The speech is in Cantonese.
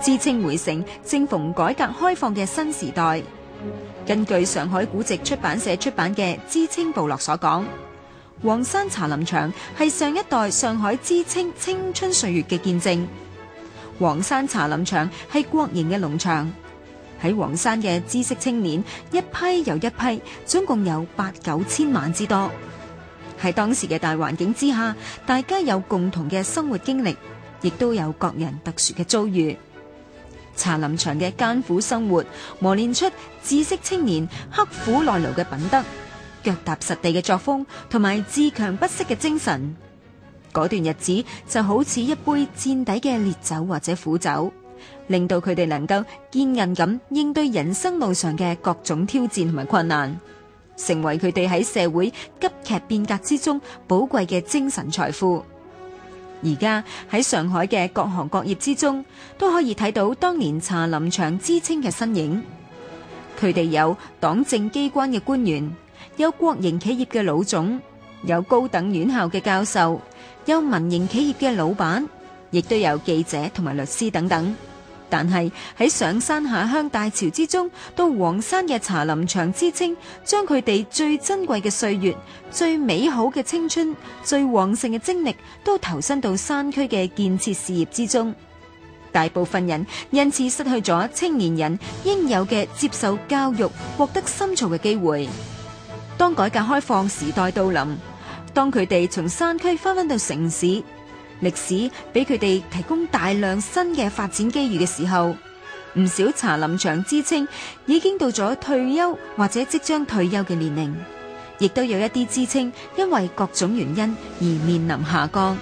知青回城正逢改革開放嘅新時代。根據上海古籍出版社出版嘅《知青部落》所講，黃山茶林場係上一代上海知青青春歲月嘅見證。黃山茶林場係國營嘅農場，喺黃山嘅知識青年一批又一批，總共有八九千萬之多。喺當時嘅大環境之下，大家有共同嘅生活經歷，亦都有各人特殊嘅遭遇。茶林場嘅艱苦生活，磨練出知識青年刻苦耐勞嘅品德、腳踏實地嘅作風同埋自強不息嘅精神。嗰段日子就好似一杯墊底嘅烈酒或者苦酒，令到佢哋能夠堅韌咁應對人生路上嘅各種挑戰同埋困難，成為佢哋喺社會急劇變革之中寶貴嘅精神財富。而家喺上海嘅各行各業之中，都可以睇到當年茶林場知青嘅身影。佢哋有黨政機關嘅官員，有國營企業嘅老總，有高等院校嘅教授，有民營企業嘅老闆，亦都有記者同埋律師等等。但係喺上山下鄉大潮之中，到黃山嘅茶林場支青，將佢哋最珍貴嘅歲月、最美好嘅青春、最旺盛嘅精力，都投身到山區嘅建設事業之中。大部分人因此失去咗青年人應有嘅接受教育、獲得深造嘅機會。當改革開放時代到臨，當佢哋從山區翻返到城市，歷史俾佢哋提供大量新嘅發展機遇嘅時候，唔少茶林場知青已經到咗退休或者即將退休嘅年齡，亦都有一啲知青因為各種原因而面臨下降。